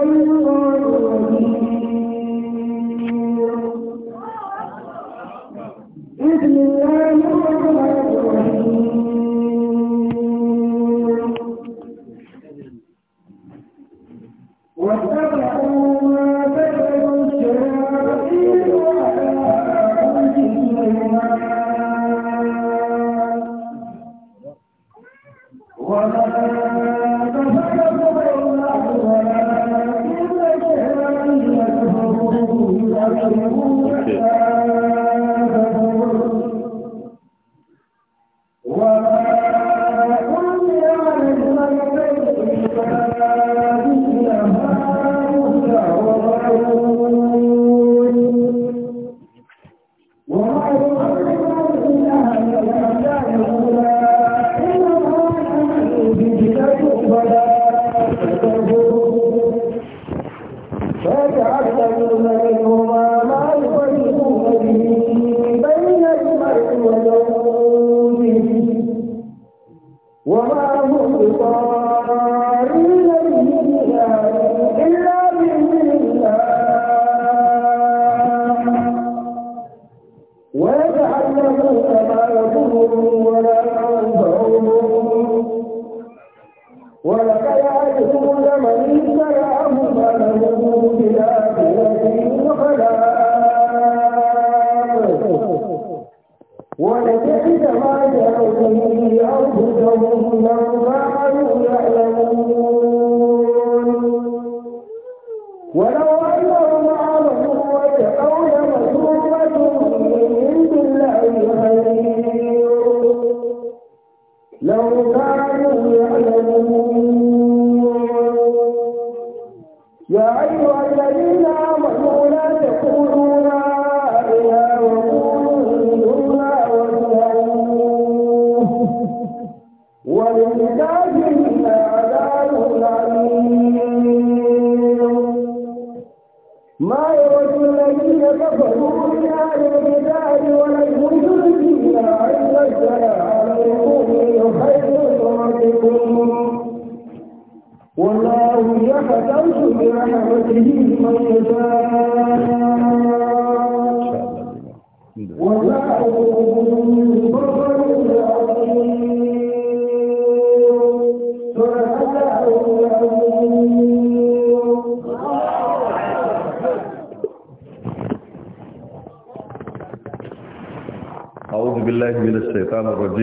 الشيطان الرجيم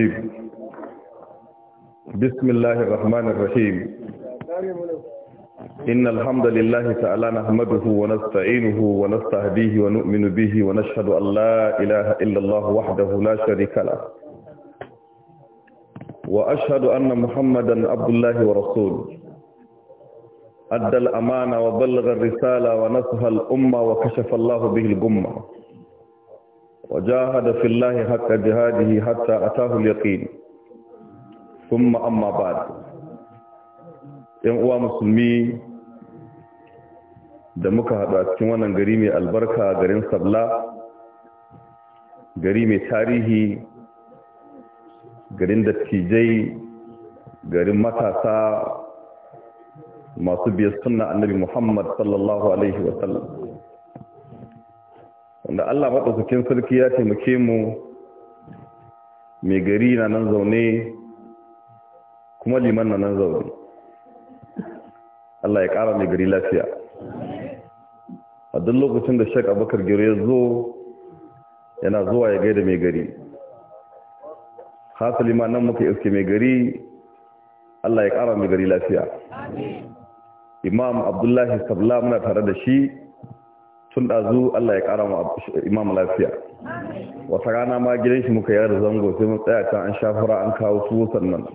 الرجيم بسم الله الرحمن الرحيم إن الحمد لله تعالى نحمده ونستعينه ونستهديه ونؤمن به ونشهد أن لا إله إلا الله وحده لا شريك له وأشهد أن محمدا عبد الله ورسوله أدى الأمانة وبلغ الرسالة ونصح الأمة وكشف الله به الجمة وجاهد في الله حق جهاده حتى أتاه اليقين ثم أما 'Yan uwa musulmi da muka haɗu a cikin wannan gari mai albarka garin sabla gari mai tarihi garin dattijai garin matasa masu biyar sunna annabi muhammad sallallahu alaihi wasallam wanda Allah ɗaukakin sarki ya taimake mu mai gari na nan zaune kuma liman na nan zaune Allah ya ƙara mai gari lafiya a duk lokacin da shek abokar gero ya zo yana zuwa ya gaida mai gari hasali liman nan muka iske mai gari Allah ya ƙara mai gari lafiya imam abdullahi sabla muna tare da shi Sun ɗazu Allah ya ƙara ma imam lafiya wata rana ma gidan shi muka yara zango sai mun tsaya can an shafura an kawo su sannan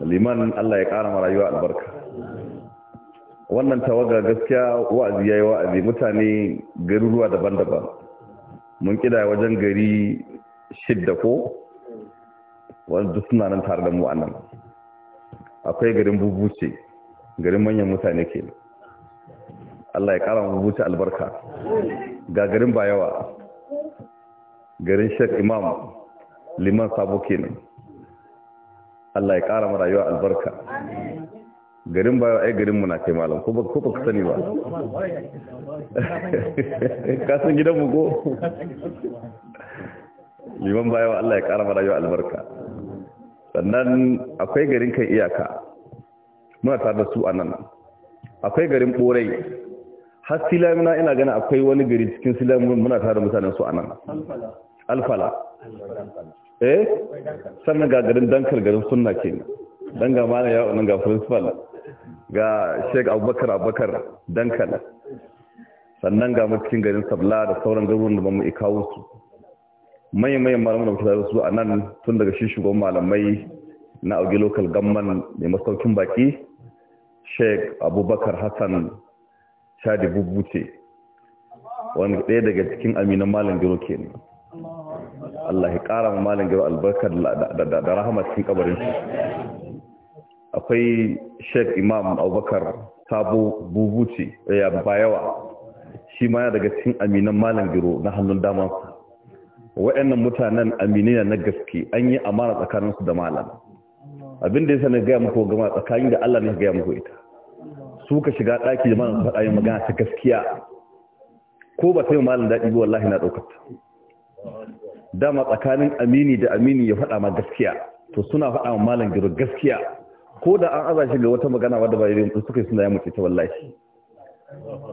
liman Allah ya ƙara ma rayuwa albarka wannan tawaga gaskiya wa'azi yayi wa'azi mutane garuruwa daban-daban mun kida wajen gari shidda ko wanda suna nan tare da mu anan akwai garin bubuce garin manyan mutane kenan Allah ya kara mu huta albarka ga garin bayawa garin Sheikh Imam liman sabo kenan Allah ya kara mu rayuwa albarka garin bayawa ai garin mu na kai malam ko ba ko sani ba ka san gidan mu ko liman bayawa Allah ya kara mu rayuwa albarka sannan akwai garin kan iyaka muna tare da su a nan akwai garin borai har silamina ina gana akwai wani gari cikin silamina muna tare mutanen su anan alfala eh sannan ga garin dankal garin sunna ke dan ga mana ya wannan ga principal ga Sheikh Abubakar Abubakar dankal sannan ga mu cikin garin Sabla da sauran garuruwan da mu ikawo su Mai-mai mai malaman da muka tare su anan tun daga shi shugaban malamai na Auge local government mai masaukin baki Sheikh Abubakar Hassan shadi bubbuce wani ɗaya daga cikin aminan malam gero ke ne Allah ya ƙara ma malam gero albarka da rahama cikin kabarin shi akwai shek imam abubakar sabo bubuce ya eh, bayawa shi ma daga cikin aminan malam gero na hannun dama wa'annan mutanen aminai na gaske an yi amana tsakaninsu da malam abin da ya sanar gaya muku gama tsakanin da Allah ne gaya muku ita su ka shiga ɗaki da malam faɗa yin magana ta gaskiya ko ba ta yi malam daɗi ba wallahi na ɗaukar ta dama tsakanin amini da amini ya faɗa ma gaskiya to suna faɗa ma malam giro gaskiya ko da an aza shi ga wata magana wadda ba irin suka yi suna ya mutu ta wallahi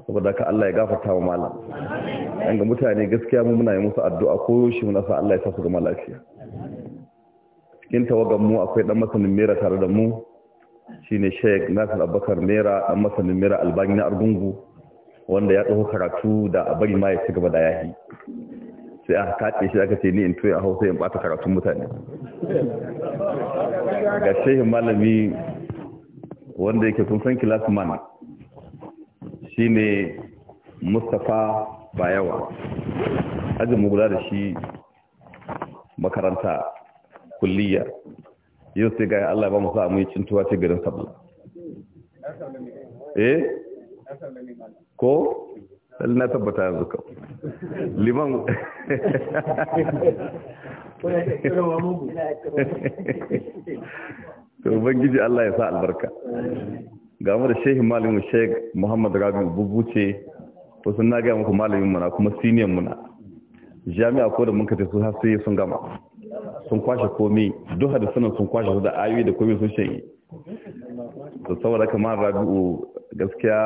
saboda ka Allah ya gafarta wa malam an ga mutane gaskiya mu muna yi musu addu'a ko shi muna sa Allah ya sa su gama lafiya cikin tawagan mu akwai dan masanin mera tare da mu shine Sheikh Nasir Abubakar Mera dan masanin Mera Albani na Argungu wanda ya tsaho karatu da bari ma ya ci gaba da yahi sai a kaɗe shi aka ce ni in tuya a Hausa in ɓata karatun mutane ga shehin malami wanda yake kun san kilas man shine mustapha Bayawa ajin mu guda da shi makaranta kulliya yau sai ga Allah ba mu sa mu yi cintuwa ce garin sabu. eh ko sai na tabbata yanzu ka liman to ubangiji Allah ya sa albarka ga mu da shehi malamin Sheikh Muhammad Rabi bubuce wasu na ga muku malamin muna kuma senior muna jami'a ko da mun ka tafi har sai sun gama sun kwashe komai da sunan sun kwashe da ayoyi da komai sun shanye da saboda kamar rabi'u gaskiya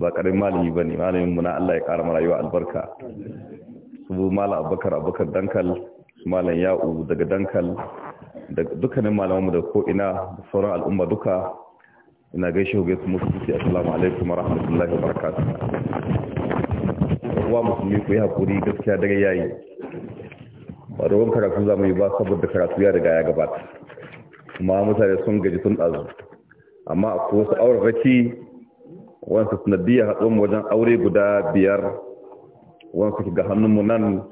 ba karin malami ba ne malamin muna Allah ya kara rayuwa albarka su malam abubakar abubakar dankal su malam ya'u daga dankal da dukkanin malamanmu da ina da sauran al'umma duka ina gaishe ku gaisu musu suke assalamu alaikum wa rahmatullahi wa barakatuh wa musulmi ku yi haƙuri gaskiya daga yayi ba dogon karatu za mu yi ba saboda karatu ya riga ya gabata kuma mutane sun gaji sun ɗazu amma akwai wasu aurarraki wansu sanadiyya haɗuwan wajen aure guda biyar wansu ga hannunmu nan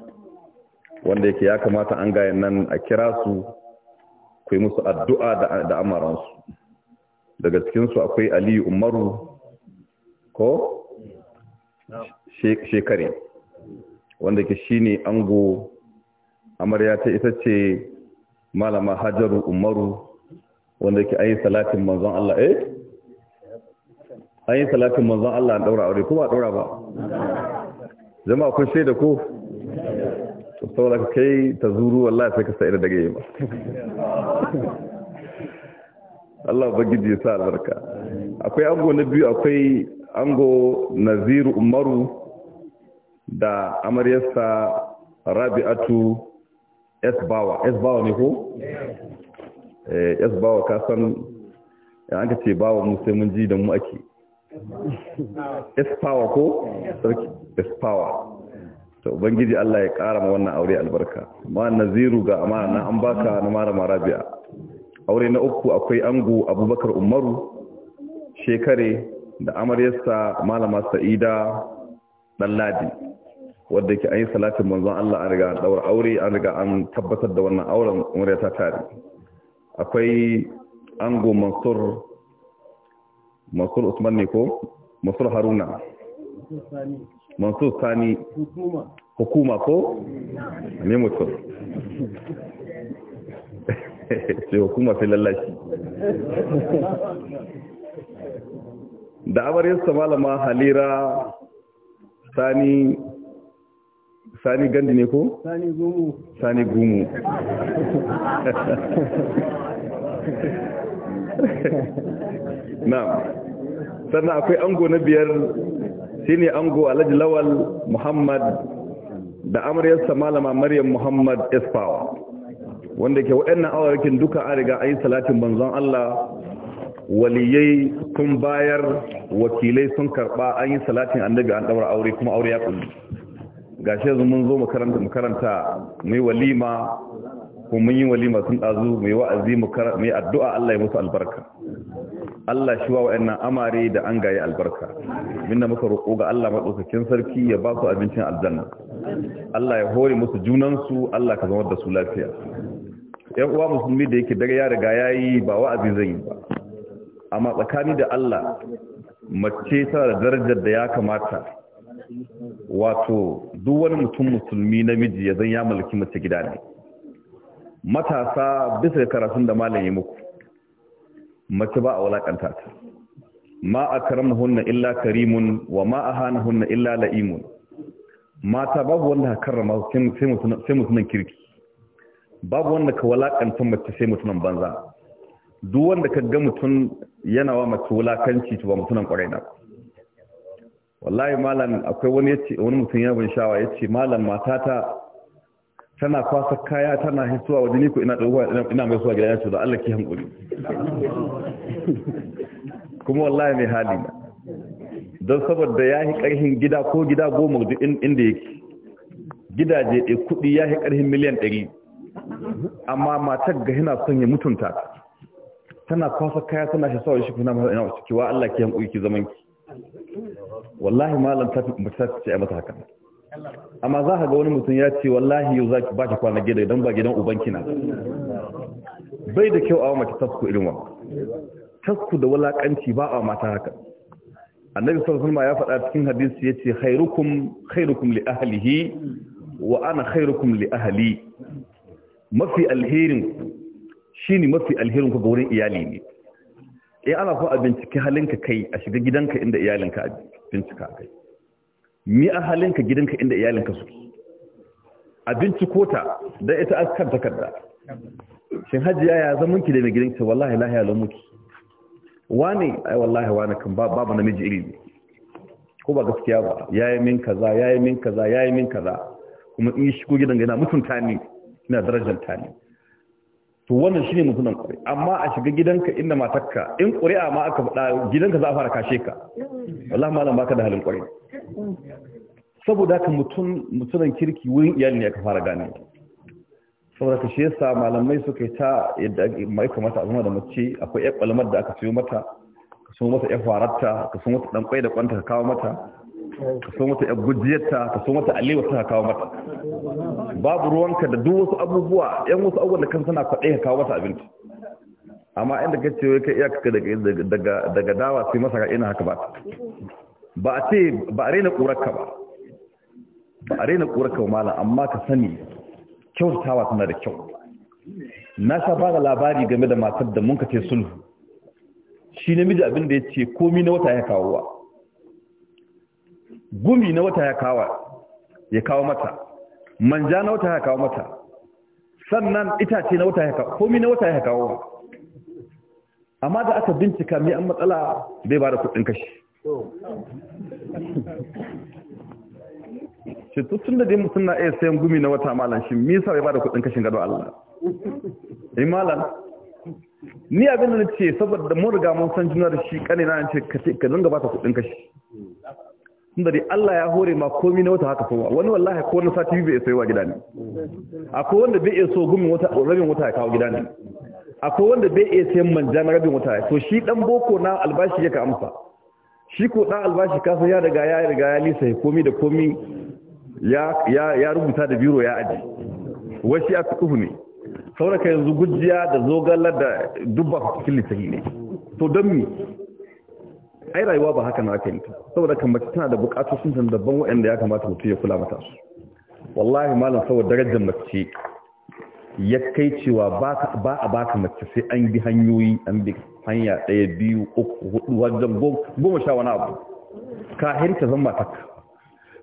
wanda yake ya kamata an gaya nan a kira su kai musu addu'a da amaransu daga cikinsu akwai aliyu umaru ko shekare wanda ke shi ne ango amarya ta ita ce malama hajaru umaru wanda ke ayin salatin manzon Allah eh ayin salatin manzon Allah an daura aure ko ba daura ba jama'a kun shaida ko to saboda kai ta zuru wallahi sai ka sa'ida daga yema Allah ubangiji ya sa albarka akwai ango na biyu akwai ango Naziru Umaru da amaryarsa Rabi'atu esbawa esbawa ne ko? esbawa eh, ka san an ka ce bawa mu sai mun ji da mu ake esbawa ko? Sarki, esbawa ta ubangiji Allah ya kara ma wannan aure albarka ma naziru ga amana na an baka na mara marabiya aure na uku akwai ango abubakar umaru shekare da amaryarsa malama sa'ida ɗanladi wadda ke an yi salatin manzon Allah an riga an daura aure an riga an tabbatar da wannan auren murya ta tare akwai ango mansur mansur usman ne ko mansur haruna mansur sani hukuma ko ne mutum sai hukuma sai lallashi da amarin malama halira sani sani gandi ne ko? sani gumu sani gumu na sannan akwai ango na biyar shi ne ango alhaji lawal muhammad da amaryarsa malama maryam muhammad espawa wanda ke waɗannan awarkin duka an riga a yi salatin banzon allah waliyai sun bayar wakilai sun karɓa an yi salatin annabi an ɗaura aure kuma aure ya ƙulli ga shi yanzu mun zo makaranta mai walima ko mun yi walima sun ɗazu mai wa'azi mai addu'a Allah ya musu albarka Allah shi wa wa'annan amare da an gaye albarka minna muka roƙo ga Allah maɗaukakin sarki ya ba su abincin aljanna Allah ya hore musu junansu Allah ka zama da su lafiya ‘yan uwa musulmi da yake daga ya riga ya yi ba wa'azi zai yi ba amma tsakani da Allah mace tana da darajar da ya kamata wato duk wani mutum musulmi namiji ya zan ya mulki mace gida ne matasa bisa da karatun da malam muku mace ba a walakanta ta ma a karamahunna illa karimun wa ma a hanahunna illa la'imun mata babu wanda ka karrama sai mutunan kirki babu wanda ka walakanta mace sai mutunan banza duk wanda ka ga mutum yana wa mace wulakanci to ba mutunan kwarai na ba wallahi malam akwai wani yace wani mutum ya bin shawa yace malam matata tana kwasa kaya tana hisuwa waje ni ko ina dauwa ina mai suwa gida yace da Allah ki hankuri kuma wallahi mai hali na don saboda ya yi karhin gida ko gida goma duk inda yake gidaje ɗai kuɗi ya yi karhin miliyan ɗari amma matar ga hina son ya mutunta ta tana kwasa kaya tana shi sawa shi kuna ina wasu kiwa Allah ki hankuri ki zaman ki wallahi malam ta fi ce a mata haka amma za ka ga wani mutum ya ce wallahi yau za ki ba ki kwana gida idan ba gidan ubanki na bai da kyau a wa mata tasku irin wannan tasku da walakanci ba a mata haka annabi sallallahu alaihi wasallam ya faɗa cikin hadisi yace khairukum khairukum li ahlihi wa ana khairukum li ahli mafi alherin shine mafi alherin ku ga wurin iyali ne eh ana so a binciki halinka kai a shiga gidanka inda iyalinka a bincika kai mi a halinka gidanka inda iyalinka suke Abinci kota ta don ita askar takarda shin hajiya ya zama ki da mai gidanki wallahi lahiya lo muki wani ai wallahi wani kan babu namiji iri ne ko ba gaskiya ba yayi min kaza yayi min kaza yayi min kaza kuma in shigo gidan ga ina mutunta ni ina darajar ta ni to wannan shine mutunan kwarai amma a shiga gidanka inda matarka in ƙuri'a ma aka faɗa gidanka za a fara kashe ka wallahi malam baka da halin kwarai saboda ka mutun mutunan kirki wurin iyali ne aka fara gane saboda ka shi yasa malamai suka yi ta yadda mai kamata a zama da mace akwai ƴan ƙwalmar da aka siyo mata ka so mata ƴan fararta ka so mata ɗan ƙwai da ƙwanta ka kawo mata ka so mata ya gujiyarta ka so mata alewa ta kawo mata babu ruwanka da duk wasu abubuwa yan wasu abubuwa da kan suna kwaɗe ka kawo mata abinci amma inda ka ce wai ka iya kaka daga dawa sai masa ka ina haka ba ba a ce ba a raina ƙurarka ba ba a raina ƙurarka ba malam amma ka sani kyautatawa tana da kyau na sha ba da labari game da matar da mun ka ce sulhu shi namiji abin da ya ce komi na wata ya kawowa gumi na wata ya kawo ya kawo mata manja na wata ya kawo mata sannan itace na wata ya kawo komi na wata ya kawo amma da aka bincika mai an matsala bai ba da kudin kashi shi tun da dimu suna iya sayan gumi na wata malam shi misa bai ba da kudin kashin gado Allah eh malam ni abin da ce saboda mun riga mun san juna da shi kane na ce ka dinga ba ta kudin kashi tunda dai Allah ya hore ma komi na wata haka kuma. wani wallahi ko na sati bai isa wa gida ne akwai wanda bai iya so gumin wata rabin wata ya kawo gida ne akwai wanda bai iya sayan manja na rabin wata to shi dan boko na albashi yake amsa shi ko dan albashi ka san ya daga ya riga ya lisa komi da komi ya ya ya rubuta da biro ya aji wai shi fi tsuhu ne saboda yanzu gujiya da zogala da dubba cikin littafi ne to don mi ai rayuwa ba haka na aka yi ta saboda kan mace tana da bukatu sun san dabban waɗanda ya kamata mutum ya kula mata su wallahi malam saboda darajar mace ya kai cewa ba a baka mace sai an bi hanyoyi an bi hanya ɗaya biyu uku hudu wajen goma sha wani abu ka hinta zan mataka.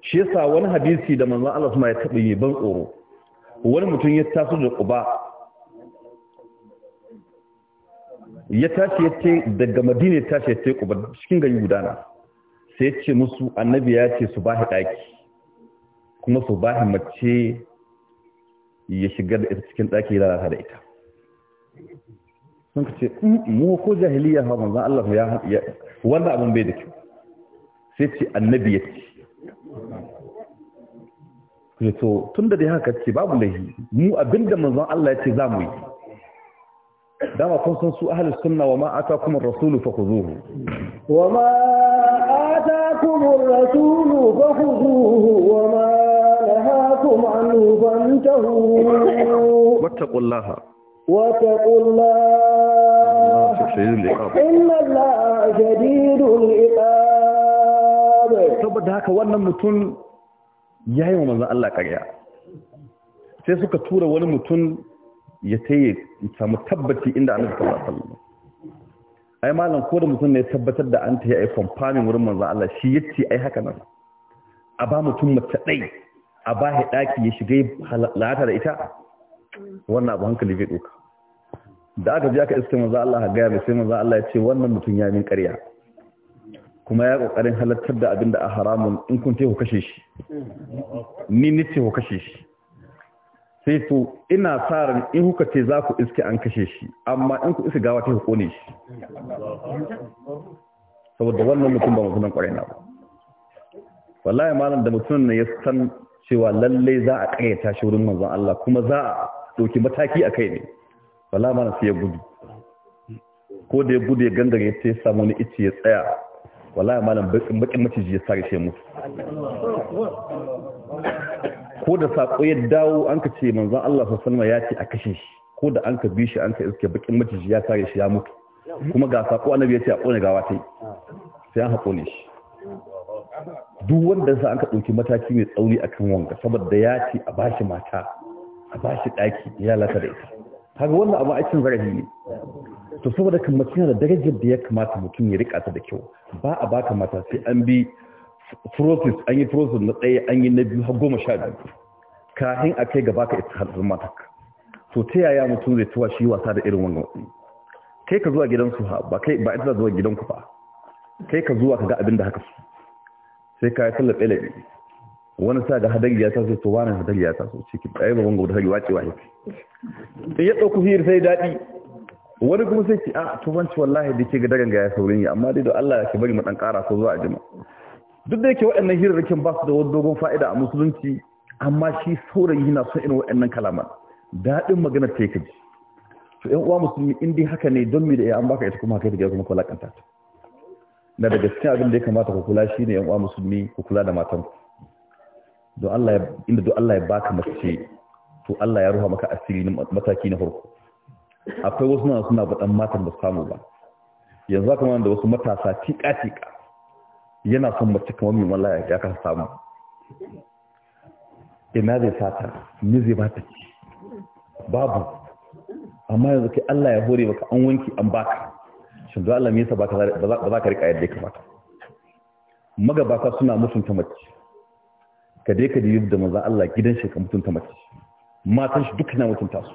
shi yasa wani hadisi da manzon Allah kuma ya taɓa yi ban tsoro wani mutum ya taso da ƙuba ya tashi ya ce daga madina ya tashi ya ce kuba cikin gari gudana sai ya ce musu annabi ya ce su bahi daki, kuma su bahi mace ya shigar da ita cikin daki ya lalata da ita sun ka ce mm, mu ko jahiliya ha manzan Allah ya wannan abin bai da kyau sai ce annabi ya ce to tun da dai haka ce babu laihi mu abinda manzon Allah ya ce za mu yi dama kun san su ahlus sunna wa ma atakum ar-rasul fakhuzuhu wa ma atakum ar-rasul fakhuzuhu wa ma nahakum anhu fantahu wattaqullaha wattaqullaha inna allaha shadidul iqab saboda haka wannan mutum ya yi wa manzon Allah ƙarya, sai suka tura wani mutum ya tayi in samu tabbaci inda annabi sallallahu alaihi wasallam ai malam ko da mutum ne tabbatar da an ta yi ai confirming wurin manzo Allah shi yace ai haka nan a ba mutum mutta dai a ba shi daki ya shiga lalata da ita wannan abu hankali bai doka da aka ji aka iske manzo Allah ga mai, sai manzo Allah ya ce wannan mutum ya min ƙarya kuma ya kokarin halartar da abinda a haramun in kun ku kashe shi ni ce ku kashe shi sai to ina sa ran in kuka ce za ku iske an kashe shi amma in ku iske gawa ta ku kone shi saboda wannan mutum ba mutumin kwarai na ba wallahi malam da mutumin ne ya san cewa lalle za a kayyata shi wurin manzon Allah kuma za a doki mataki a kai ne wallahi malam sai ya gudu ko da ya gudu ya gangare ya ce samu ni ice ya tsaya wallahi malam bakin maciji ya sare shi mutu ko da saƙo ya dawo an ka ce manzan Allah sassanma ya ce a kashe shi ko da an ka bi shi an ka iske bakin maciji ya sare shi ya mutu kuma ga saƙo annabi ya ce a ƙone gawa ta sai an haƙone shi duk wanda sa an ka ɗauki mataki mai tsauri a kan wanga saboda ya ce a ba shi mata a ba shi ɗaki ya lata da ita kaga wannan abu a cin zarafi ne to saboda kan mace da darajar da ya kamata mutum ya riƙa ta da kyau ba a baka mata sai an bi process an yi process na tsaye an yi na biyu har goma sha biyu kafin a kai gaba ka isa halittar matak to ta yaya mutum zai tuwa shi wasa da irin wannan wasu kai ka zuwa su ha ba kai ba ita zuwa gidan ku ba kai ka zuwa ka ga abin da haka su sai ka yi sallar tsaye wani sa ga hadari ya taso to wani hadari ya taso ciki yi babban ga hadari wace ya yake in ya ɗauku hiyar sai daɗi wani kuma sai ki a ah, tubanci wallahi da ke ga dagan ga ya saurin yi amma dai da Allah ya ke bari mu ɗan ƙara ko zuwa a jima'a duk da yake waɗannan hirarrakin ba su da wani dogon fa'ida a musulunci amma shi saurayi na son irin waɗannan kalaman daɗin magana ta yake ji to 'yan uwa musulmi in dai haka ne don mi da ya an baka ita kuma haka ya kuma kula kanta na daga cikin abin da ya kamata ku kula shine 'yan uwa musulmi ku kula da matan ku don Allah ya inda don Allah ya baka mace to Allah ya ruha maka asiri na mataki na farko akwai wasu na suna baɗan matan ba samu ba yanzu haka da wasu matasa tika tika yana son mace kamar mai mala ya kan samu ina zai sata ni zai ba ta ci babu amma yanzu kai Allah ya hore maka an wanki an baka shin da Allah me yasa ba za ka rika yadda ya kamata magabata suna mutunta mace ka dai ka dibi da manzon Allah gidan shi ka mutunta mace matan shi duka na mutunta su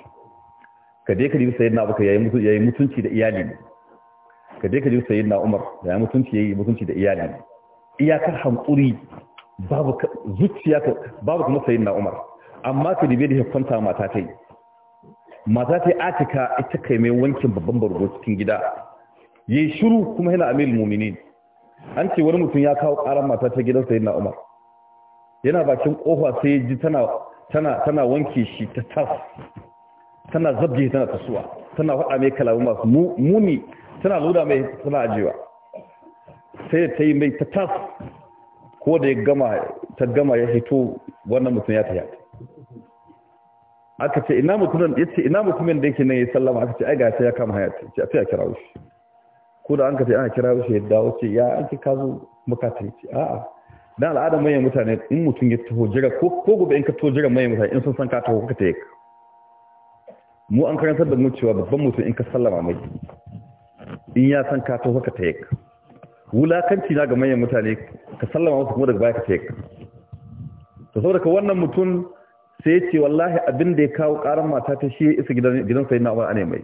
ka dai ka dibi sayyidina Abu Bakar yayi mutunci da iyali ne ka dai ka ji sayyidina Umar yayi ya mutunci yayi mutunci da iyali ne. iyakar hankuri babu zuciya babu kuma sayin na umar amma ka dibe da kwanta mata ta yi mata ta yi atika ita kai mai wankin babban bargo cikin gida ya yi shiru kuma yana amil muminin an ce wani mutum ya kawo karan mata ta gidan sayin na umar yana bakin kofa sai ya ji tana wanke shi ta tas tana zabge tana tasuwa tana faɗa mai kalamu masu muni tana loda mai tana ajewa sai ta yi mai ta tas ko da ya gama ta gama ya hito wannan mutum ya tafi aka ce ina mutumin ce ina mutumin da yake ne ya sallama aka ce ai ga ya kama hayati ce a tsaya kira shi ko da an ka ce ana kira shi ya dawo ce ya an ki kazo makatai ce a'a dan al'ada manyan mutane in mutum ya taho jira ko ko gobe in ka taho jira manyan mutane in sun san ka taho ka tayi mu an karantar da mu cewa babban mutum in ka sallama mai in ya san ka taho ka tayi wulakanci na ga manyan mutane ka sallama musu kuma daga baya ka ce to saboda ka wannan mutum sai ya ce wallahi abin da ya kawo karan mata ta shi isa gidan sai na umar ne mai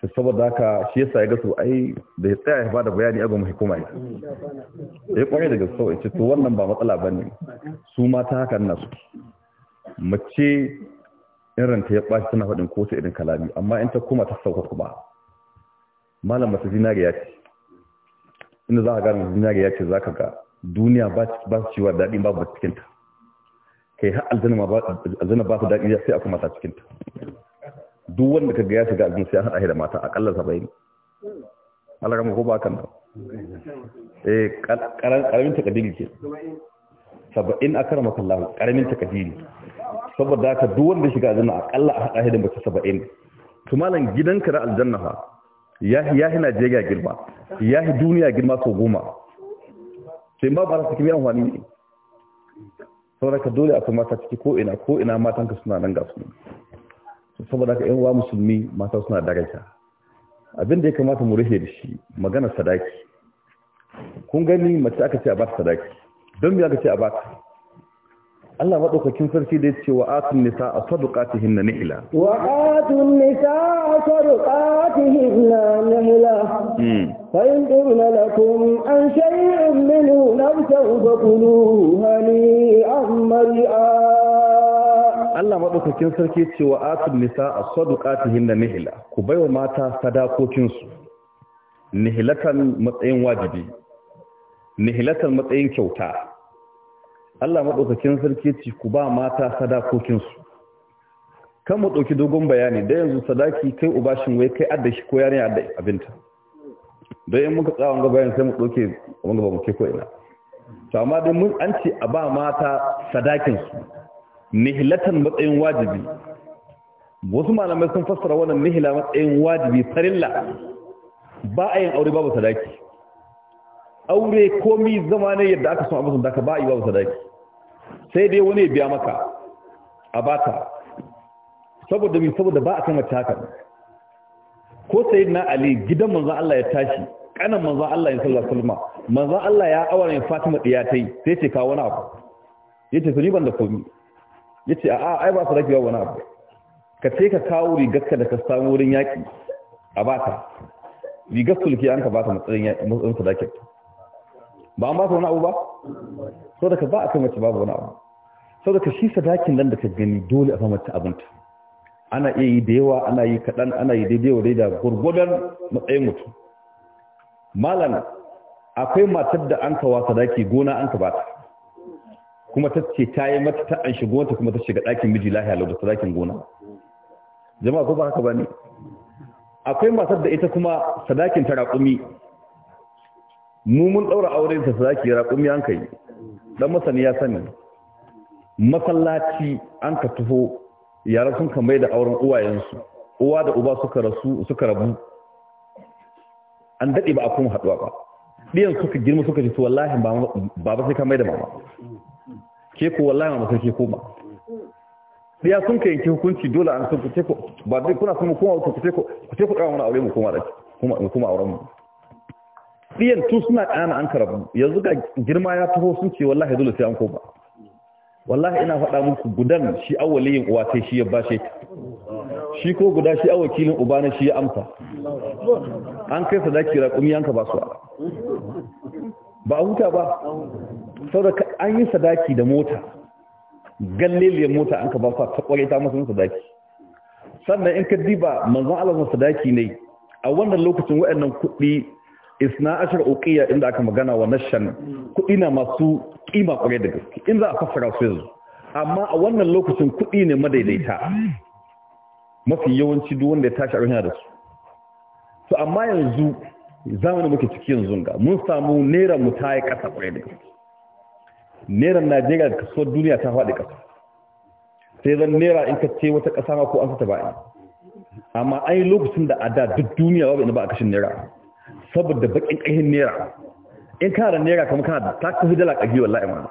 to saboda haka shi yasa ya gasu ai da ya tsaya ya bada bayani abin kuma ya ya kwarai daga sau ya ce to wannan ba matsala ba ne su mata hakan na su mace irin ta ya bashi tana faɗin kotu irin kalami amma in ta kuma ta sauka kuma malam masu zinariya ce inda za ka gane duniya ga yake za ka ga duniya ba su ciwa daɗi babu cikinta kai har aljanna ba su daɗi sai akwai mata cikinta duk wanda ka ga ya shiga aljanna sai an haɗa da mata aƙalla saba'in Allah rama ko ba kan nan eh ƙaramin takadiri ke saba'in a karama kallahu ƙaramin takadiri saboda haka duk wanda shiga aljanna aƙalla a haɗa da mace saba'in Tumalan gidanka da aljanna fa ya yi najeriya girma ya yi duniya girma so goma sai ba ba su kimi amfani ne saboda ka dole a kuma mata ciki ko ina ko ina matanka suna nan gasu saboda ka yan uwa musulmi mata suna daraja abin da ya kamata mu rufe da shi magana sadaki kun gani mace aka ce a ba sadaki don me aka ce a ba ta? Allah maɗaukakin sarki da ya ce wa atun nisa a saduƙatihin na nihila. Wa atun nisa a saduƙatihin na nihila. Hmm. Fa'in ɗurna lakum an shayin minu na sauka kulu hali an mari'a. Allah maɗaukakin sarki ce wa atun nisa a saduƙatihin na nihila. Ku bai wa mata sadakokinsu. Nihilatan matsayin wajibi. Nihilatan matsayin kyauta. Allah maɗaukakin sarki ce ku ba mata sadakokinsu kan mu ɗauki dogon bayani da yanzu sadaki kai ubashin wai kai adda shi ko yarinya adda abinta don yin muka tsawon ga bayan sai mu ɗauke wanda ba mu ke ko'ina to amma dai mun an ce a ba mata sadakinsu nihilatan matsayin wajibi wasu malamai sun fassara wannan nihila matsayin wajibi farilla ba a yin aure babu sadaki aure komi zama ne yadda aka son abin da ka ba a yi babu sadaki sai dai wani ya biya maka a bata saboda mai saboda ba a kan wata haka ko sai na ali gidan manzan Allah ya tashi kanan manzan Allah ya sallar sulma manzan Allah ya yin fatima ɗiya ta yi sai ce kawo wani abu ya ce suni ban da komi ya ce a ai ba su ba wani abu ka ce ka kawo rigarka da ka samu wurin yaƙi a bata rigar sulki an ka bata matsayin sadakin ba an ba ka wani abu ba sau da ka ba a kai mace babu wani abu sau da ka shi sadakin nan da ka gani dole a famata abinta ana iya yi da yawa ana yi kaɗan ana yi daidai wa daidai gurgudan matsayin mutum malam akwai matar da an kawa sadaki gona an ka bata kuma ta ce ta yi mata ta an shigo ta kuma ta shiga ɗakin miji lahiya lau da sadakin gona jama'a ko ba haka ba ne akwai matar da ita kuma sadakin ta raƙumi mu mun daura aure ta zaki raƙumi an kai dan masani ya sani masallaci an ka tuho yaran sun ka mai da auren uwayensu uwa da uba suka rasu suka rabu an dade ba a kuma haduwa ba ɗiyan suka girma suka ji wallahi baba sai ka mai da mama ke ko wallahi mama sai ke koma ɗiya sun ka yanke hukunci dole an sun ku ce ko ba dai kuna sun mu koma ku ce ku ku ce ku kawo wani aure mu koma da kuma mu koma auren mu tsiyan tun suna ƙana an karabu yanzu ga girma ya taho sun ce wallahi dole sai an koma wallahi ina faɗa muku gudan shi awali uwa sai shi ya bashe ta shi ko guda shi awakilin uba na shi ya amsa an kai sadaki raƙumi yanka ba su ba a huta ba saboda an yi sadaki da mota galleliyar mota an ka ba su ta ƙware ta masu sadaki sannan in ka diba manzon Allah sadaki ne a wannan lokacin waɗannan kuɗi isna ashar uqiya inda aka magana wa nashan kudi na masu kima kwarai da gaske in za a fassara su yanzu amma a wannan lokacin kudi ne madaidaita mafi yawanci duk wanda ya tashi a ruhiya da su to amma yanzu zamanin muke ciki yanzu ga mun samu naira mu ta yi kasa kwarai da gaske naira najeriya da kasuwar duniya ta faɗi ƙasa sai zan naira in ka ce wata kasa ma ko an ta ba'i amma an yi lokacin da a da duk duniya babu inda ba a kashin naira saboda bakin ƙahin nera, in kana da kama kamar kana da ta kafi dala ƙagi wallahi ma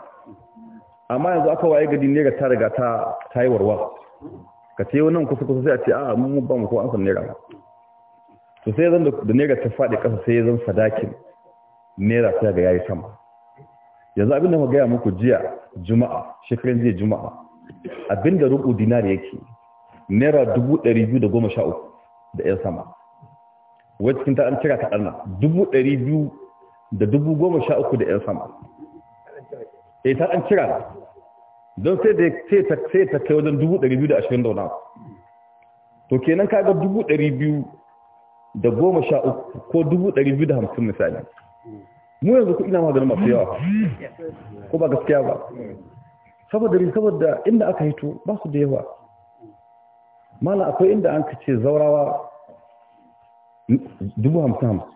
amma yanzu aka waye gadi nera ta riga ta ta yi warwa ka ce yau nan kusa kusa sai a ce a mun ba mu ko an san ba to sai zan da nera ta faɗi ƙasa sai zan sadakin nera ta ga yayi sama yanzu abin da mu gaya muku jiya juma'a shekaran jiya juma'a abin da rubu dinar yake naira dubu ɗari biyu da goma sha uku da 'yan sama wai cikin ta an cira kaɗan nan dubu ɗari biyu da dubu goma sha uku da 'yan sama e ta an cira don sai da sai ta kai wajen dubu ɗari biyu da ashirin da wani to kenan kaga dubu ɗari biyu da goma sha uku ko dubu ɗari biyu da hamsin misali mu yanzu kuɗi na maganin masu yawa ko ba gaskiya ba saboda rin saboda inda aka hito ba su da yawa mala akwai inda an ka ce zaurawa dubu hamsin hamsin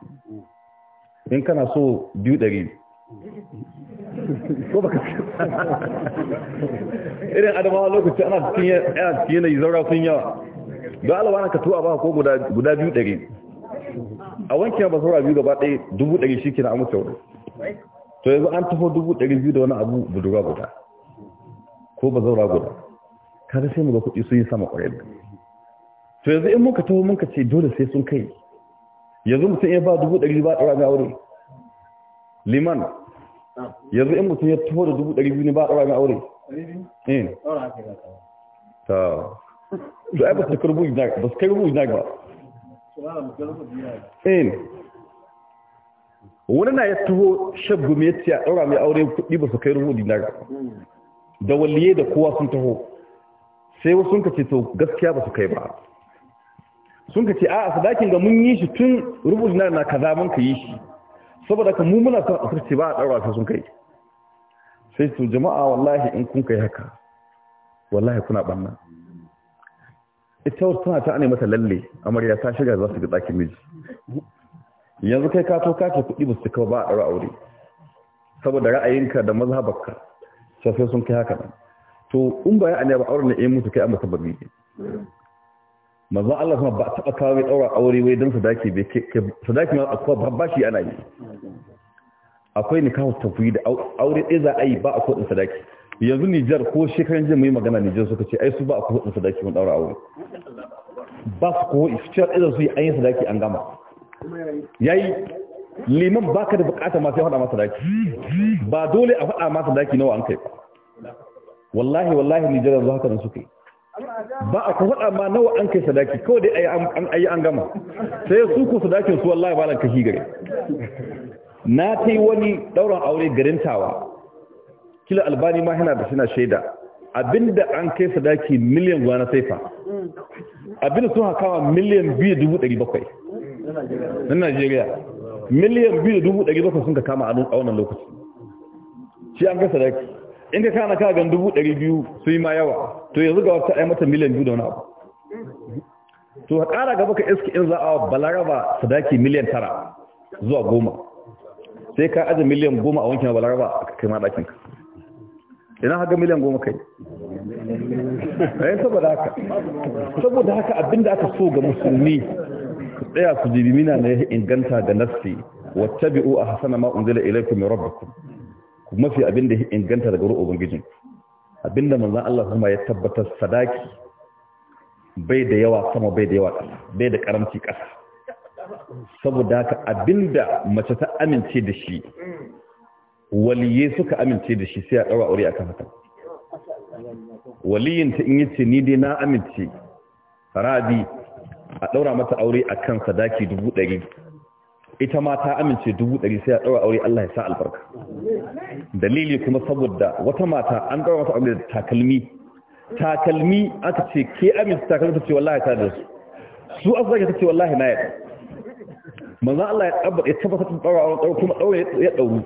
in kana so biyu ɗari ko baka irin adama lokaci ana cikin yanayi zaura sun yawa don alawa ka tuwa ba ko guda biyu ɗari a wanke ba saura biyu gaba ɗaya dubu ɗari shi kina amurka wani to yanzu an taho dubu ɗari biyu da wani abu budurwa guda ko ba zaura guda kada sai mu ga kuɗi sun yi sama ƙwarai to yanzu in muka taho muka ce dole sai sun kai yanzu mutum ya ba dubu ɗari ba ɗara mai aure liman yanzu in mutum ya tuho da dubu ɗari biyu ne ba ɗara mai aure in eh. ta su ai ba karbu jinak ba su karbu jinak ba in eh. wani na ya tuho shabgu mai yace a mai aure kuɗi ba su kai rubu jinak da walliye da kowa sun taho sai wasu sun kace to gaskiya ba su kai ba sun ka ce a sadakin ga mun yi shi tun rubutu na na kaza mun ka yi shi saboda ka mummuna muna son asir ce ba a ɗaura sai sun kai sai su jama'a wallahi in kun kai haka wallahi kuna ɓanna ita wasu tana ta ne mata lalle amarya ta shiga za su ga ɗakin miji yanzu kai ka to kace kuɗi ba su kawo ba a ɗaura aure saboda ra'ayinka da mazhabarka sai sun kai haka to in ba ya ne ba auren ne ya mutu kai an ba sababi ne mazan Allah kuma ba taɓa kawo mai ɗaura aure wai don sadaki bai sadaki ma akwai ba shi ana yi akwai ni kawo tafi da aure ɗaya za a yi ba a kuɗin sadaki yanzu Nijar ko shekaran jin mai magana Nijar suka ce ai su ba a kuɗin sadaki mun ɗaura aure ba su kowa ifciyar idan su yi an yi sadaki an gama yayi liman ka da bukata masu sai faɗa masa daki ba dole a faɗa masa daki nawa an kai wallahi wallahi Nijar yanzu haka nan suka yi ba a faɗa ma nawa an kai sadaki kawai dai an ayi an gama sai su ku sadakin su wallahi ba lan kashi gare na ta yi wani dauran aure garintawa. kila albani ma yana da suna shaida abinda an kai sadaki miliyan gwana saifa abinda sun hakawa miliyan biyu dubu bakwai na najeriya miliyan biyu dubu bakwai sun ka kama a wannan lokaci shi an kai sadaki in ka kana ka dubu ɗari biyu su yi ma yawa to yanzu ga wata aimata mata miliyan biyu da wani abu to a ƙara gaba ka iski in za a balaraba sadaki miliyan tara zuwa goma sai ka aji miliyan goma a wankin balaraba a kai ma ɗakinka ina haka miliyan goma kai ɗaya eh, saboda haka saboda haka abinda aka so ga musulmi ɗaya su jibimina na ya inganta da nassi wata bi'u a hasana ma'unzila ilaikun mai rabbakun ku mafi abin da inganta daga ruwan ubangijin abinda manzan Allah kuma ya tabbatar sadaki bai da yawa sama bai da yawa ƙasa bai da ƙaramci ƙasa saboda haka abinda mace ta amince da shi waliye suka amince da shi sai a ɗaura aure akan haka waliyin ta in ce ni dai na amince rabi a ɗaura mata aure a kan sadaki dubu ɗari ita ma ta amince dubu ɗari sai ya ɗaura aure Allah ya sa albarka dalili kuma saboda wata mata an ɗaura wata aure da takalmi takalmi aka ce ke amince takalmi ta ce wallahi ta da su su aka zaka ta ce wallahi na yadda manzan Allah ya ɗabba ya tabbata ta ɗaura aure kuma ɗaure ya ɗauru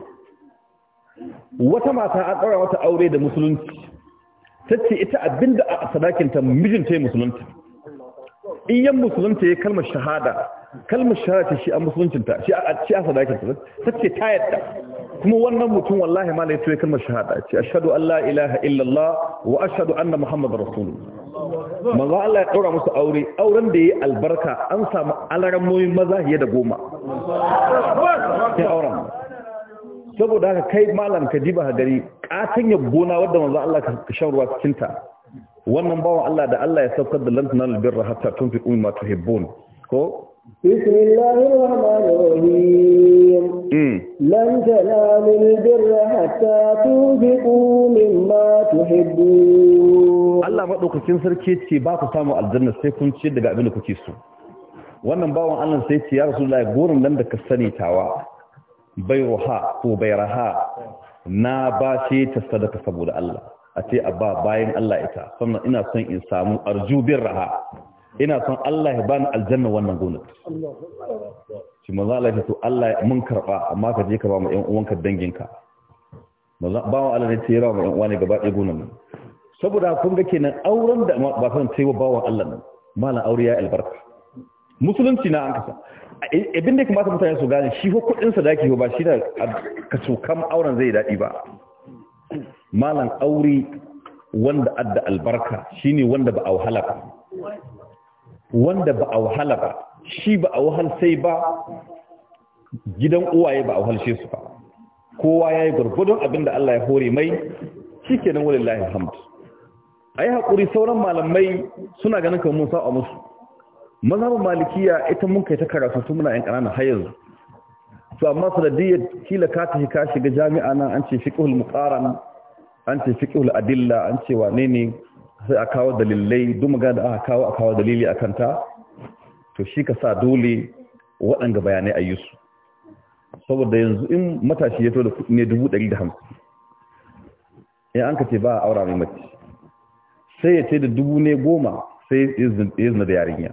wata mata an ɗaura wata aure da musulunci ta ce ita abinda a sadakinta mijinta ya musulunta in yan musulunta ya kalmar shahada kalmar shahada shi an musuluncinta shi a ci a sadakin ta ce ta yadda kuma wannan mutum wallahi ma yi tuwe kalmar shahada ce ashhadu Allah, la ilaha illallah wa ashhadu anna Muhammadu rasulun manzo Allah ya ɗora musu aure auren da ya yi albarka an samu alaran moyin maza fiye da goma sai auren saboda haka kai malam ka jiba gari katon ya gona wadda manzo Allah ka shan ruwa cikin ta wannan bawan Allah da Allah ya saukar da lantunan albirra hatta fi mimma tuhibbun ko بسم الله الرحمن الرحيم لن تنالوا البر حتى تنفقوا مما تحبون Allah madaukakin sarki ce ba ku samu aljanna sai kun ci daga abin da kuke so wannan bawan Allah sai ce ya Rasulullahi gorin nan da ka sani tawa bayruha ko bayraha na ba ce ta sadaka saboda Allah a ce a ba bayan Allah ita sannan ina son in samu arju birraha ina son Allah ya bani aljanna wannan gonar shi manzo Allah ya to Allah mun karba amma ka je ka ba mu ƴan uwanka danginka manzo bawo Allah ne ce ya mu ƴan uwa ne gaba ɗaya gonar nan saboda kun ga kenan auren da ba san sai wa bawan Allah nan malam aure ya albarka musulunci na an kasa abin da kamata mutane su gane shi ko kuɗin sadaki ba shi da ka kam auren zai dadi ba malam aure wanda adda albarka shine wanda ba a wahala ba wanda ba a wahala ba shi ba a wahal sai ba gidan uwaye ba a wahal shi su ba kowa ya yi gwargwadon abinda Allah ya hore mai shi ke nan walillahi alhamdu a yi haƙuri sauran malamai suna ganin kan Musa a musu mazhabin malikiya ita mun kai ta karatu tun muna yan ƙananan har yanzu to amma sanadiyyar kila ka ta ka shiga jami'a nan an ce fiqhul muqaran an ce fiqhul adilla an ce wane ne sai a kawo dalilai duk magana da aka kawo a kawo dalili a kanta to shi ka sa dole waɗanga bayanai a yi su saboda yanzu in matashi ya tole kuɗi ne dubu ɗari da hamsin ya an ka ce ba a aura mai mace sai ya ce da dubu ne goma sai ya zina da yarinya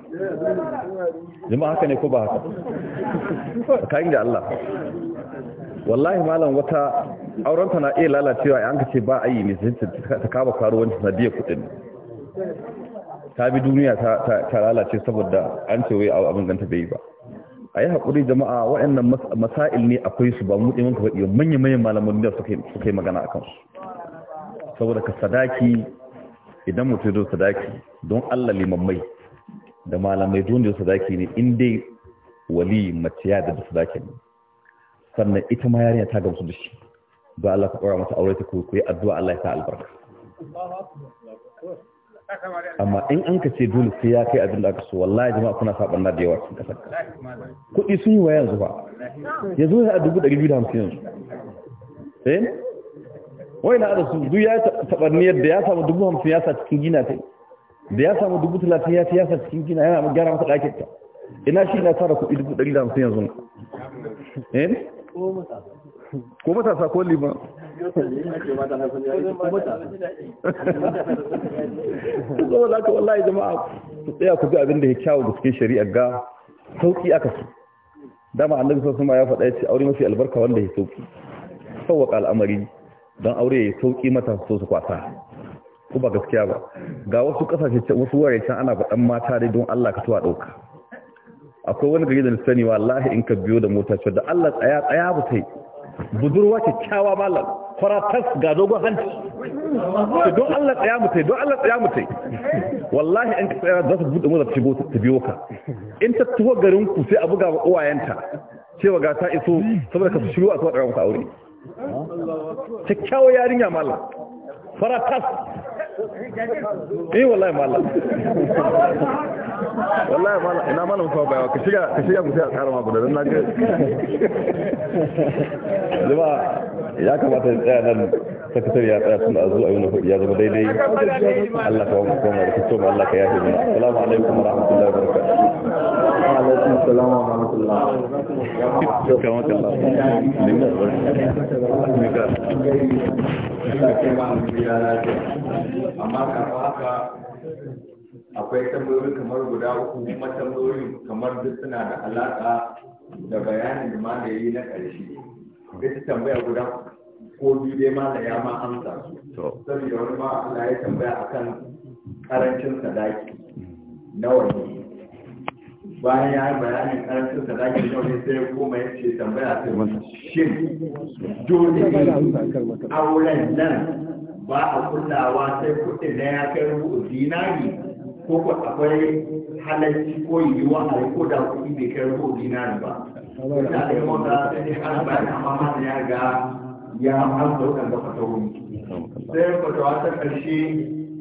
jama'a haka ne ko ba haka ka yi da Allah wallahi malam wata aurenta na iya lalacewa ya ka ce ba a yi ne ta kaba karuwanci na biya kudin ta bi duniya ta lalace saboda an ce wai abin ganta bai ba a yi haƙuri jama'a waɗannan masail ne akwai su ba mu ɗin wanka faɗi manya-manyan malamun da suka yi magana a kansu saboda ka sadaki idan mutum zo sadaki don allah limammai da malamai don da sadaki ne in dai wali mace ya da sadaki sannan ita ma yarinya ta gamsu da shi don Allah ka ƙwara mata aure ta ku yi addu'a Allah ya sa albarka amma in an ka ce dole sai ya kai abin da aka so wallahi jama'a kuna saɓan na da yawa cikin kasar kuɗi sun yi wa yanzu ba yanzu ya a dubu ɗari biyu da hamsin yanzu eh wai na adasu, duk ya taɓa ni da ya samu dubu hamsin ya sa cikin gina ta da ya samu dubu talatin ya ya sa cikin gina yana gyara masa ɗakin ta ina shi ina tara kuɗi dubu ɗari da hamsin yanzu eh ko matasa ko liman zo da aka wallahi jama'a su tsaya ku ga abin da ya kyawu da suke shari'a ga sauki aka su dama annabi sallallahu alaihi ya faɗa ya ce aure mafi albarka wanda ya sauki sauwaka al'amari don aure ya sauki mata so su kwasa ko ba gaskiya ba ga wasu kasashe wasu wurare can ana faɗan mata dai don Allah ka tuwa ɗauka akwai wani gari da sani wallahi in ka biyo da mota ce da Allah tsaya tsaya ba sai budurwa kyakkyawa malam faratas ga dogon hanci to don Allah tsaya mutai don Allah tsaya mutai wallahi an tsaya za su buɗe mu shigo ta biyo ka in ta tuwa garin ku sai a buga wa uwayenta cewa ga ta iso saboda ka su shigo a tuwa ɗaga masa aure kyakkyawa yarinya malam faratas eh wallahi malam wallahi malam ina malam ka bayawa ka shiga ka shiga mu sai a tsara ma gudanar na ga zama ya kamata ya tsaya nan sakatar ya tsaya sun azu a yi nufi ya zama daidai Allah ka wani kuma da fito Allah ka yafe mana salamu alaikum wa rahmatullahi wa barakatuh alaikum salam wa rahmatullahi kama kalla akwai tambayoyi kamar guda uku kuma tambayoyi kamar duk suna da alaka da bayanin da ma da yi na ƙarshe ita tambaya guda ko biyu dai ma da ya ma amsa su saboda wani ma Allah ya tambaya akan karancin sadaki nawa ne bayan ya yi bayanin karancin sadaki nawa ne sai kuma ya ce tambaya sai masa shin dole ne auren nan ba a kullawa sai kuɗi na ya kai rubu dinari ko akwai halarci ko yiwuwa a ko da kuɗi bai kai rubu dinari ba da aka yi mota sai ne an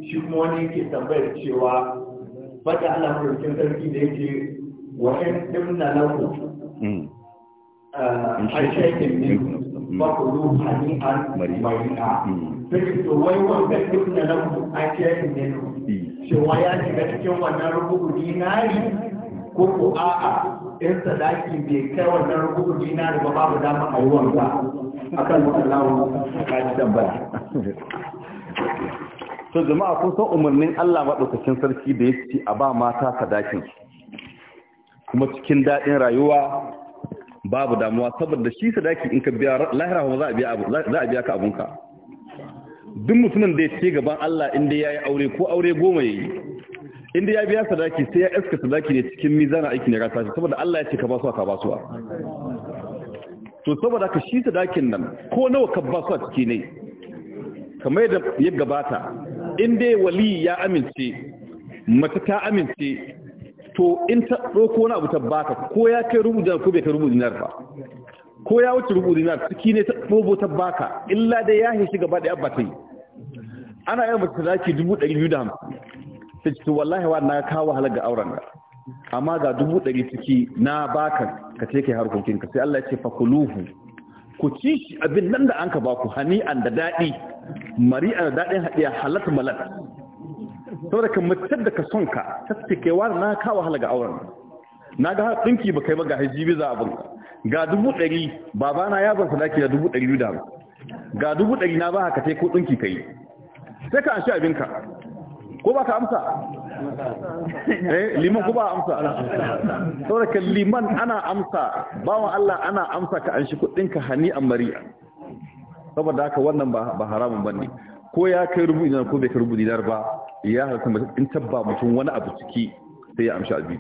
ya ta ke cewa Allah sarki da yake wa in dimna lahu a shekin ne ba ku zo hani'an marina sai to wai wanda dimna lahu a shekin ne cewa ya shiga cikin wannan rubutu dinari ko ko a'a in sadaki bai kai wannan rubutu jina da ba babu dama a ruwan ba. wanka akan makallahu kaji tambaya to jama'a kun san umarnin Allah madaukakin sarki da yake a ba mata sadakin kuma cikin daɗin rayuwa babu damuwa saboda shi sadaki in ka biya lahira kuma za a biya za a biya ka abunka duk mutumin da ya ce gaban Allah inda yayi aure ko aure goma yayi inda ya biya sadaki sai ya iska sadaki ne cikin mizana aikin ya rasa shi saboda Allah ya ce ka ba su ka ba su to saboda ka shi sadakin nan ko nawa ka ba su a ciki ne kamar da ya gabata in dai wali ya amince mace ta amince to in ta ɗauko wani abu ta baka ko ya kai rubu dinar ko bai kai rubu dinar ba ko ya wuce rubu dinar ciki ne ta ɗobo ta baka illa da ya shi gaba da ba ta yi ana yin mace sadaki dubu ɗari biyu da hamsin sai ce wallahi wa na kawo wahala ga auren amma ga dubu ɗari ciki na baka ka ce kai harkokin ka sai Allah ya ce fakuluhu ku ci shi abin nan da an ka baku hani'an da daɗi mari'a da daɗin haɗiya halat malat saboda ka mutar da ka son ka ta ce kai wa na kawo wahala ga auren na ga ɗinki ba kai ba ga hijibi za abin ga dubu ɗari babana ya zanta sadaki da dubu ɗari biyu da ga dubu ɗari na ba ka ce ko ɗinki kai sai ka an sha abinka ko ba ka amsa eh liman ko ba amsa saboda liman ana amsa bawan Allah ana amsa ka an shi kudin ka hani amariya saboda haka wannan ba haramun bane ko ya kai rubu idan ko bai kai rubu dinar ba ya halatta in tabba mutum wani abu ciki sai ya amshi abi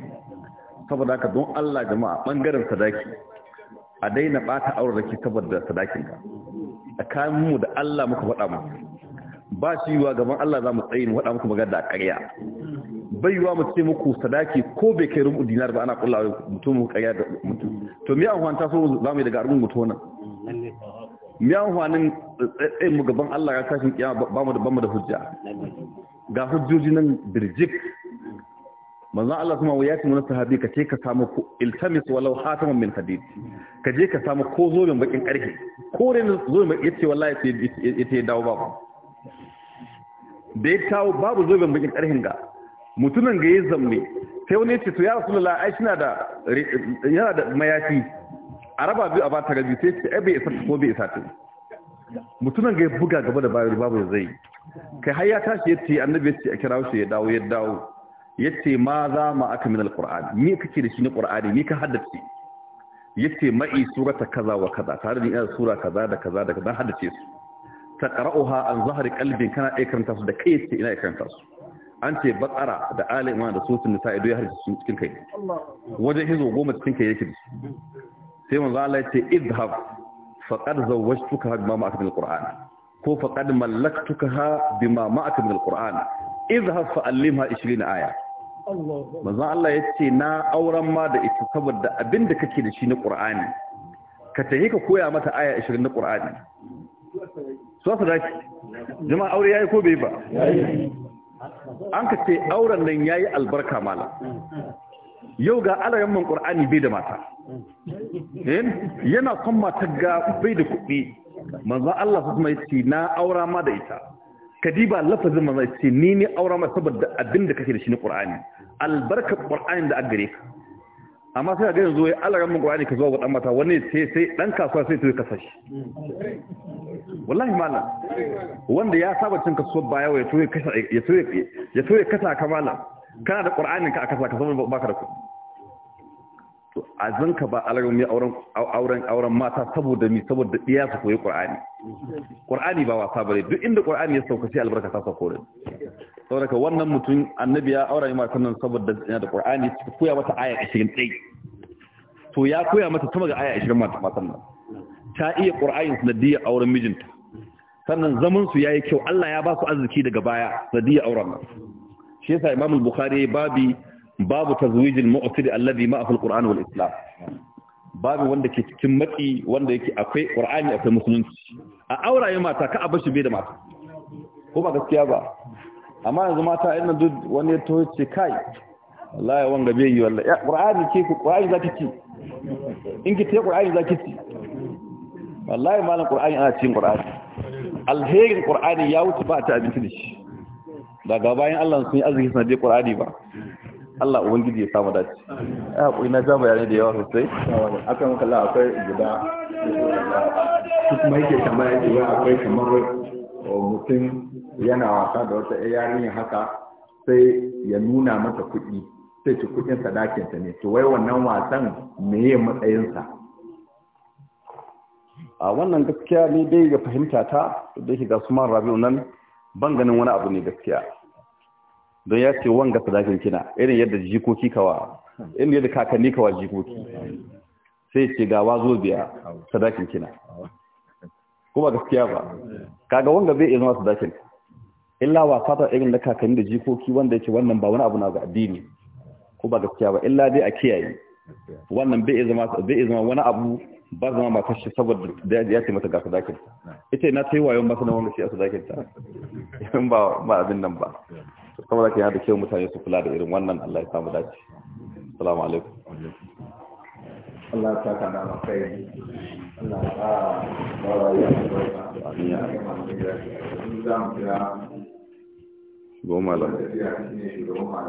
saboda haka don Allah jama'a bangaren sadaki a daina bata aure da ke saboda sadakin ka a mu da Allah muka faɗa mu ba shi yiwa gaban Allah za mu tsaye mu faɗa muku magana da ƙarya bai yiwa mu ce muku sadaki ko bai kai rubu dinar ba ana kulla mutum mu ƙarya da mutum to me an hwanta so za mu yi daga rubu mutum nan me an hwanin tsaye mu gaban Allah ya tashin kiyama ba mu da ba mu da hujja ga hujjoji nan birjik manzon Allah kuma ya ce mun sahabi ka ce ka samu iltamis walau hataman min hadid ka je ka samu ko zo bakin karfe ko ne zo yace wallahi yace dawo babu da ya kawo babu zoben bakin karhin ga mutumin ga ya zamme sai wani ya ce to ya rasulullah ai shi da yana da mayafi a raba biyu a ba ta rabi sai ce ai bai isa ko bai isa ta mutumin ga ya buga gaba da bayan babu zai kai har ya tashi ya ce annabi ya ce a kira shi ya dawo ya dawo ya ce ma za ma aka min Ni ka kake da shi na qur'ani ni ka haddace ya ce ma'i surata kaza wa kaza tare da ina sura kaza da kaza da kaza haddace su taqra'uha an zahri qalbin kana iya su da kai ce ina iya su an ce bakara da ali imran da sutun nisa ido ya harje su cikin kai wajen hizo goma cikin kai yake sai manzo Allah ya ce idhab faqad zawwajtuka bima ma'aka min alquran ko faqad mallaktuka bima ma'aka min alquran idhab allimha 20 aya manzo Allah ya ce na auren ma da ita saboda abinda kake da shi na qur'ani ka tafi ka koya mata aya 20 na qur'ani so su daki jama'a aure yayi ko bai ba an ka ce auren nan yayi albarka mala yau ga alayen man qur'ani bai da mata eh? yana son mata ga bai da kuɗi manzo Allah su mai ce na aura ma da ita kadiba lafazin manzo ce ni ne aura ma saboda abin da kake da shi ne qur'ani albarka qur'ani da aggare ka amma sai ga yanzu Allah mun gwani ka zo ga dan mata wani sai sai dan kasuwa sai tuka sashi wallahi malam wanda ya saba cin kasuwa ba yawa ya tuye kasa ya tuye ya kasa ka malam kana da qur'anin ka a kasa ka ba ka da ku to azan ka ba alaran mai auren auren auren mata saboda mi saboda iya su koyi qur'ani qur'ani ba wasa bare duk inda qur'ani ya sauka sai albarka ta sauko saboda wannan mutum annabi ya aure mai nan saboda yana da qur'ani koya mata aya 20 to ya koya mata sama ga aya 20 mata matan nan ta iya qur'ani sanadiyya auren mijinta sannan zaman su yayi kyau Allah ya ba su arziki daga baya sanadiyya auren nan shi yasa Imam al-Bukhari babi babu tazwijil mu'tir alladhi ma'ahu al-Qur'an wal Islam babu wanda ke cikin matsi wanda yake akwai Qur'ani akwai musulunci a auraye mata ka abashi bai da mata ko ba gaskiya ba amma yanzu mata ina duk wani ya toce kai wallahi wanga bai yi wallahi qur'ani ce ku qur'ani zaki ci in ki tayi qur'ani zaki ci wallahi malam qur'ani ana cin qur'ani alherin qur'ani ya wuce ba ta abinci da shi daga bayan Allah sun yi arziki sanar qur'ani ba Allah ubangiji ya samu dace ai hakuri na zama yare da yawa sosai maka Allah akwai guda kuma yake tambaya yake wai akwai kamar mutum yana wasa da wata yarinya haka sai ya nuna mata kuɗi sai ci kuɗin sadakinta ne to wai wannan wasan meye matsayinsa a wannan gaskiya ne dai ga fahimta ta da yake ga su man rabi'u nan ban ganin wani abu ne gaskiya don ya ce wanga sadakin kina irin yadda jikoki kawa irin yadda kakanni kawa jikoki sai ce ga wazo biya sadakin kina kuma gaskiya ba kaga wanga zai iya zama sadakin illa wa fata irin da kakanni da jikoki wanda yake wannan ba wani abu na ga addini ko ba gaskiya ba illa dai a kiyaye wannan bai zama bai zama wani abu ba zama matar shi saboda ya ce mata ga sadakin ta ita na ta yi wayon masu na wanda shi a sadakin ta in ba ba abin nan ba kuma zaka yana da kyau mutane su kula da irin wannan Allah ya samu dace assalamu alaikum Allah ta ka da kai Allah ya ba ya ba amin ya ba ya